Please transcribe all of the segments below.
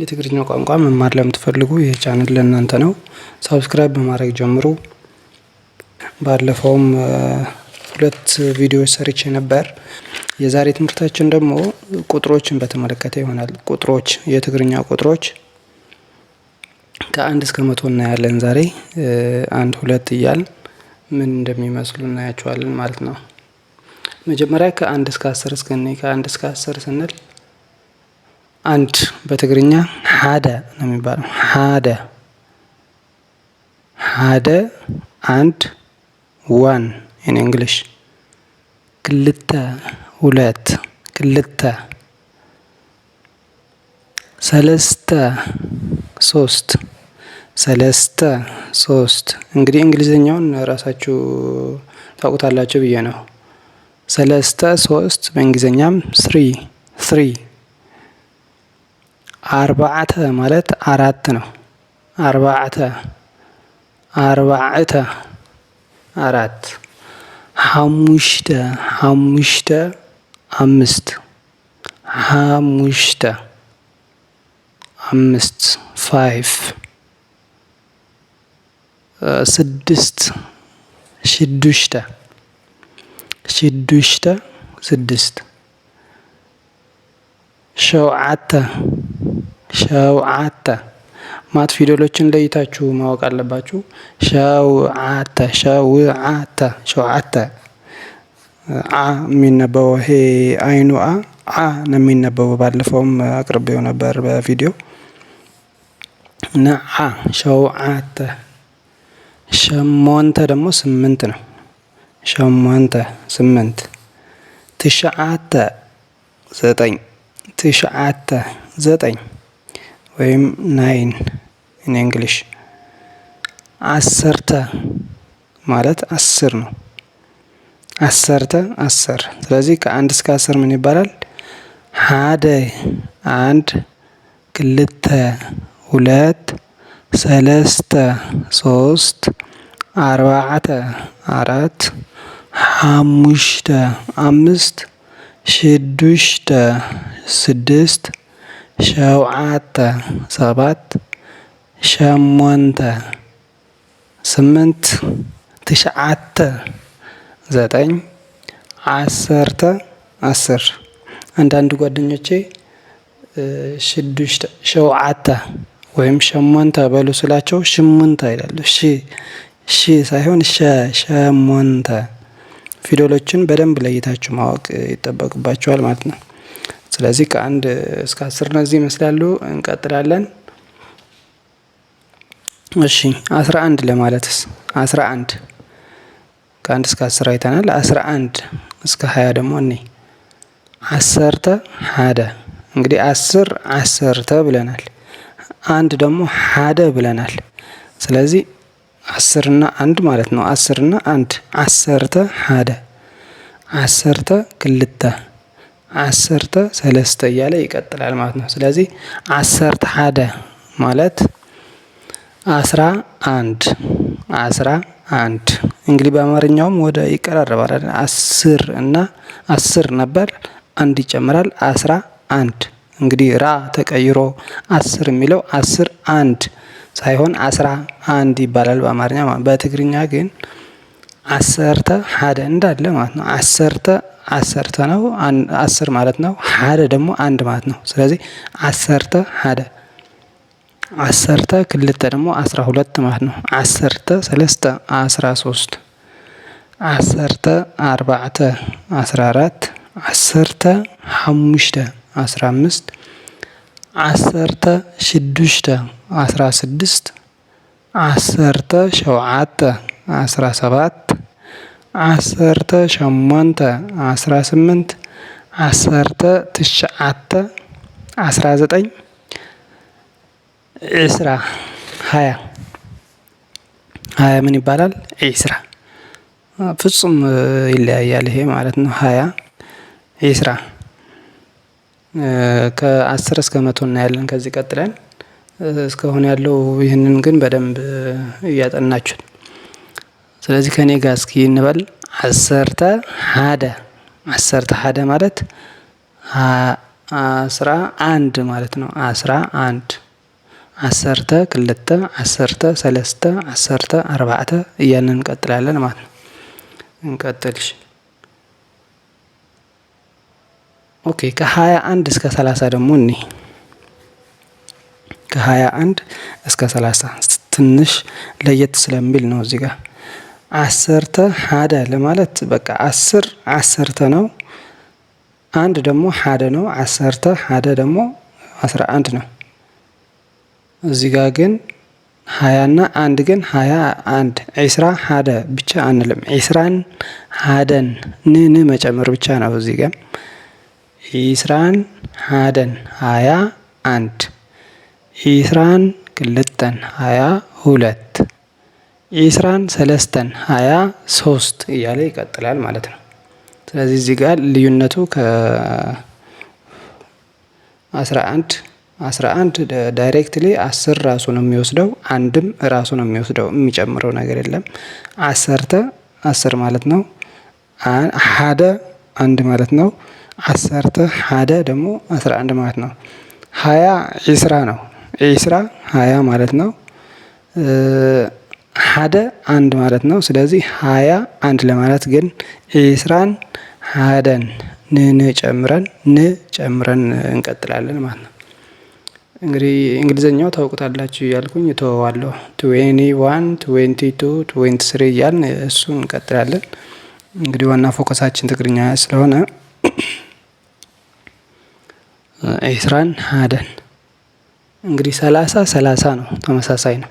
የትግርኛ ቋንቋ መማር ለምትፈልጉ ይህ ቻንል ለእናንተ ነው። ሳብስክራይብ በማድረግ ጀምሩ። ባለፈውም ሁለት ቪዲዮ ሰርቼ ነበር። የዛሬ ትምህርታችን ደግሞ ቁጥሮችን በተመለከተ ይሆናል። ቁጥሮች፣ የትግርኛ ቁጥሮች ከአንድ እስከ መቶ እናያለን። ዛሬ አንድ ሁለት እያል ምን እንደሚመስሉ እናያቸዋለን ማለት ነው። መጀመሪያ ከአንድ እስከ አስር እስከ ከአንድ እስከ አስር ስንል አንድ በትግርኛ ሀደ ነው የሚባለው። ሀደ ሀደ አንድ ዋን ኢን እንግሊሽ ክልተ ሁለት ክልተ ሰለስተ ሶስት ሰለስተ ሶስት እንግዲህ እንግሊዝኛውን ራሳችሁ ታውቁታላችሁ ብዬ ነው። ሰለስተ ሶስት በእንግሊዝኛም ስሪ ስሪ አርባዕተ ማለት አራት ነው። አርባዕተ አርባዕተ አራት ሐሙሽተ ሐሙሽተ አምስት ሐሙሽተ አምስት ፋይፍ ስድስት ሽዱሽተ ሽዱሽተ ስድስት ሸውዓተ ሸውዓተ ማት ፊደሎችን ለይታችሁ ማወቅ አለባችሁ። ሸውዓተ ሸውዓተ ሸውዓተ አ የሚነበበ ሄ አይኑ አ አ ነው የሚነበበው። ባለፈውም አቅርቤው ነበር በቪዲዮ እና አ ሸውዓተ። ሸሞንተ ደግሞ ስምንት ነው። ሸሞንተ ስምንት። ትሽዓተ ዘጠኝ ትሽዓተ ዘጠኝ ወይም ናይን ኢን እንግሊሽ። አሰርተ ማለት አስር ነው። አሰርተ አስር። ስለዚህ ከአንድ እስከ አስር ምን ይባላል? ሀደ አንድ፣ ክልተ ሁለት፣ ሰለስተ ሶስት፣ አርባዕተ አራት፣ ሓሙሽተ አምስት፣ ሽዱሽተ ስድስት ሸውዓተ ሰባት ሸሞንተ ስምንት ትሽዓተ ዘጠኝ ዓሰርተ አስር አንዳንድ ጓደኞቼ ሽዱሽተ ሸውዓተ ወይም ሸሞንተ በሉ ስላቸው ሽሙንተ ይላሉ። ሺ ሺ ሳይሆን ሸ ሸሞንተ ፊደሎችን በደንብ ለይታችሁ ማወቅ ይጠበቅባችኋል ማለት ነው። ስለዚህ ከአንድ እስከ አስር እነዚህ ይመስላሉ። እንቀጥላለን። እሺ አስራ አንድ ለማለትስ አስራ አንድ ከአንድ እስከ አስር አይተናል። አስራ አንድ እስከ ሀያ ደግሞ እኔ አሰርተ ሀደ እንግዲህ አስር አሰርተ ብለናል። አንድ ደግሞ ሀደ ብለናል። ስለዚህ አስርና አንድ ማለት ነው። አስርና አንድ አሰርተ ሀደ አሰርተ ክልተ አሰርተ ሰለስተ እያለ ይቀጥላል ማለት ነው። ስለዚህ አሰርተ ሓደ ማለት አስራ አንድ አስራ አንድ እንግዲህ በአማርኛውም ወደ ይቀራረባል። አስር እና አስር ነበር፣ አንድ ይጨምራል አስራ አንድ እንግዲህ ራ ተቀይሮ አስር የሚለው አስር አንድ ሳይሆን አስራ አንድ ይባላል በአማርኛ። በትግርኛ ግን አሰርተ ሓደ እንዳለ ማለት ነው። አሰርተ አሰርተ ነው አስር ማለት ነው። ሓደ ደግሞ አንድ ማለት ነው። ስለዚ አሰርተ ሓደ አሰርተ ክልተ ደግሞ አስራ ሁለት ማለት ነው። አሰርተ ሰለስተ አስራ ሶስት አሰርተ አርባዕተ አስራ አራት አሰርተ ሓሙሽተ አስራ አምስት አሰርተ ሽዱሽተ አስራ ስድስት አሰርተ ሸውዓተ አስራ ሰባት አሰርተ ሸሞንተ አስራ ስምንት አሰርተ ትሽዓተ አስራ ዘጠኝ ዒስራ ሀያ ሀያ ምን ይባላል? ዒስራ ፍጹም ይለያያል ይሄ ማለት ነው። ሀያ ዒስራ ከአስር እስከ መቶ እናያለን ከዚህ ቀጥለን እስከሆነ ያለው ይህንን ግን በደንብ እያጠናችሁን ስለዚህ ከእኔ ጋር እስኪ እንበል አሰርተ ሀደ አሰርተ ሀደ ማለት አስራ አንድ ማለት ነው። አስራ አንድ አሰርተ፣ ክልተ አሰርተ ሰለስተ አሰርተ አርባዕተ እያልን እንቀጥላለን ማለት ነው። እንቀጥልሽ ኦኬ። ከሀያ አንድ እስከ ሰላሳ ደግሞ እኒ ከሀያ አንድ እስከ ሰላሳ ትንሽ ለየት ስለሚል ነው እዚህ ጋር አሰርተ ሓደ ለማለት በቃ አስር አሰርተ ነው። አንድ ደግሞ ሓደ ነው። አሰርተ ሓደ ደግሞ አስራ አንድ ነው። እዚ ጋ ግን ሀያና አንድ ግን ሀያ አንድ ዒስራ ሓደ ብቻ አንልም። ዒስራን ሓደን ንን መጨመር ብቻ ነው። እዚ ጋ ዒስራን ሓደን ሀያ አንድ ዒስራን ክልተን ሀያ ሁለት ኢስራን ሰለስተን ሀያ ሶስት እያለ ይቀጥላል ማለት ነው። ስለዚህ እዚህ ጋር ልዩነቱ ከ11 11 ዳይሬክትሊ አስር ራሱ ነው የሚወስደው። አንድም ራሱ ነው የሚወስደው፣ የሚጨምረው ነገር የለም። አሰርተ አስር ማለት ነው። ሀደ አንድ ማለት ነው። አሰርተ ሀደ ደግሞ 11 ማለት ነው። ሀያ ኢስራ ነው። ኢስራ ሀያ ማለት ነው። ሀደ አንድ ማለት ነው። ስለዚህ ሀያ አንድ ለማለት ግን ኢስራን ሀደን ንን ጨምረን ን ጨምረን እንቀጥላለን ማለት ነው። እንግዲህ እንግሊዝኛው ታውቁታላችሁ እያልኩኝ እተወዋለሁ። ትዌኒ ዋን ትዌንቲ ቱ ትዌንቲ ስሪ እያልን እሱን እንቀጥላለን። እንግዲህ ዋና ፎከሳችን ትግርኛ ስለሆነ ኢስራን ሀደን እንግዲህ ሰላሳ ሰላሳ ነው። ተመሳሳይ ነው።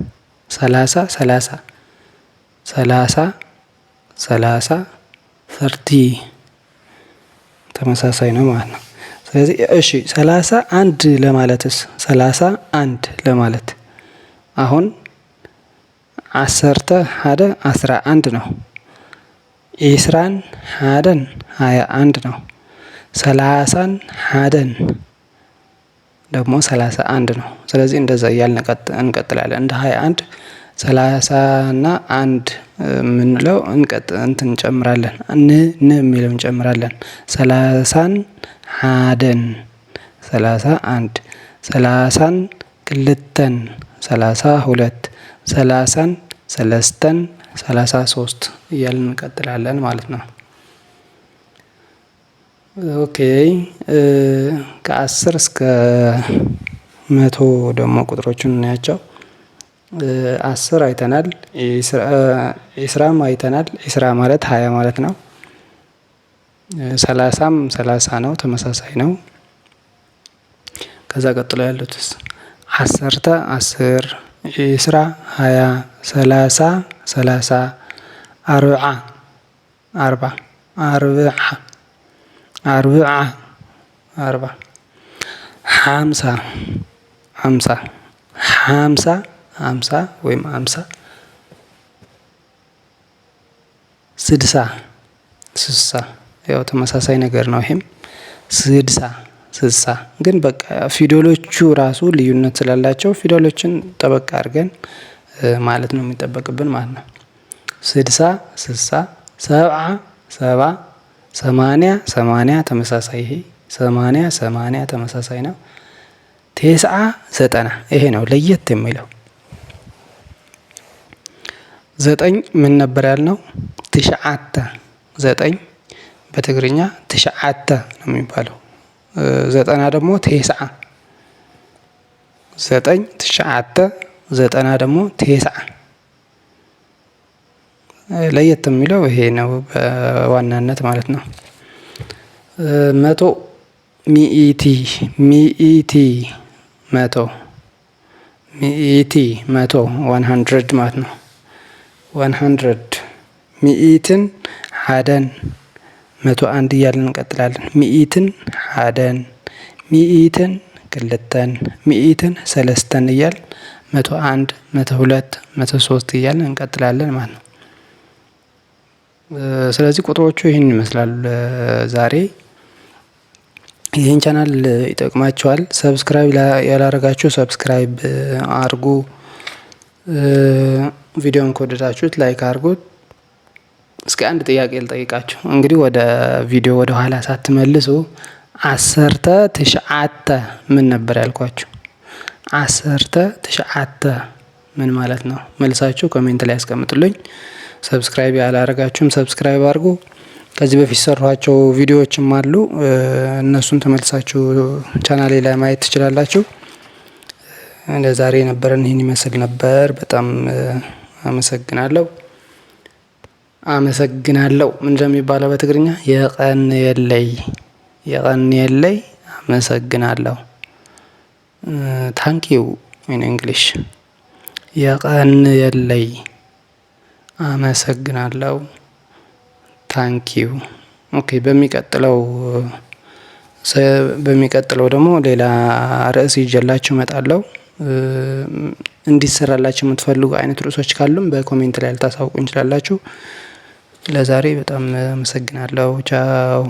ሰላሳ ሰላሳ ሰላሳ ሰላሳ ፈርቲ ተመሳሳይ ነው ማለት ነው። ስለዚህ እሺ ሰላሳ አንድ ለማለትስ ሰላሳ አንድ ለማለት አሁን አሰርተ ሀደ አስራ አንድ ነው። ኢስራን ሀደን ሃያ አንድ ነው። ሰላሳን ሀደን ደግሞ ሰላሳ አንድ ነው። ስለዚህ እንደዛ እያልን እንቀጥላለን። እንደ 21 30 ሰላሳና 1 የምንለው እንቀጥ እንትን እንጨምራለን ን ን የሚለው እንጨምራለን። ሰላሳን ሓደን 31 30 ሰላሳን ክልተን 32 30 ሰለስተን 33 እያልን እንቀጥላለን ማለት ነው። ኦኬ ከአስር እስከ መቶ ደግሞ ቁጥሮቹን እናያቸው። አስር አይተናል። ኢስራም አይተናል። ኢስራ ማለት ሀያ ማለት ነው። ሰላሳም ሰላሳ ነው፣ ተመሳሳይ ነው። ከዛ ቀጥሎ ያሉትስ አሰርተ አስር፣ ኢስራ ሀያ፣ ሰላሳ ሰላሳ፣ አርብዓ አርባ አርብዓ አርብዓ አርባ ሓምሳ ሓምሳ ሓምሳ ሃምሳ ወይም ሃምሳ ስድሳ ስሳ ያው ተመሳሳይ ነገር ነው። ይሄም ስድሳ ስሳ ግን በቃ ፊደሎቹ ራሱ ልዩነት ስላላቸው ፊደሎችን ጠበቅ አድርገን ማለት ነው የሚጠበቅብን ማለት ነው። ስድሳ ስሳ ሰብዓ ሰባ ሰማንያ ሰማንያ ተመሳሳይ ይሄ ሰማንያ ሰማንያ ተመሳሳይ ነው። ቴስአ ዘጠና ይሄ ነው ለየት የሚለው። ዘጠኝ ምን ነበር ያልነው? ትሽዓተ ዘጠኝ በትግርኛ ትሽዓተ ነው የሚባለው። ዘጠና ደግሞ ቴስአ ዘጠኝ ትሽዓተ ዘጠና ደግሞ ቴስዓ ለየት የሚለው ይሄ ነው በዋናነት ማለት ነው። መቶ ሚኢቲ ሚኢቲ መቶ ሚኢቲ መቶ ዋን ሀንድረድ ማለት ነው። ዋን ሀንድረድ ሚኢትን ሀደን መቶ አንድ እያለን እንቀጥላለን። ሚኢትን ሀደን ሚኢትን ክልተን ሚኢትን ሰለስተን እያል መቶ አንድ መቶ ሁለት መቶ ሶስት እያለን እንቀጥላለን ማለት ነው። ስለዚህ ቁጥሮቹ ይህን ይመስላል። ዛሬ ይህን ቻናል ይጠቅማቸዋል ሰብስክራይብ ያላረጋችሁ ሰብስክራይብ አርጉ። ቪዲዮን ከወደዳችሁት ላይክ አርጉት። እስኪ አንድ ጥያቄ ልጠይቃችሁ። እንግዲህ ወደ ቪዲዮ ወደ ኋላ ሳትመልሱ አሰርተ ትሽዓተ ምን ነበር ያልኳችሁ? አሰርተ ትሽዓተ ምን ማለት ነው? መልሳችሁ ኮሜንት ላይ ያስቀምጡልኝ። ሰብስክራይብ ያላረጋችሁም ሰብስክራይብ አድርጉ። ከዚህ በፊት ሰሯቸው ቪዲዮዎችም አሉ። እነሱን ተመልሳችሁ ቻናሌ ላይ ማየት ትችላላችሁ። ዛሬ የነበረን ይህን ይመስል ነበር። በጣም አመሰግናለሁ አመሰግናለሁ ምን እንደሚባለው በትግርኛ የቀን የለይ የቀን የለይ አመሰግናለሁ ታንኪዩ ኢን እንግሊሽ የቀን የለይ አመሰግናለሁ ታንኪው ኦኬ በሚቀጥለው በሚቀጥለው ደግሞ ሌላ ርዕስ ይዤላችሁ እመጣለሁ። እንዲሰራላችሁ የምትፈልጉ አይነት ርዕሶች ካሉም በኮሜንት ላይ ልታሳውቁ እንችላላችሁ። ለዛሬ በጣም አመሰግናለሁ። ቻው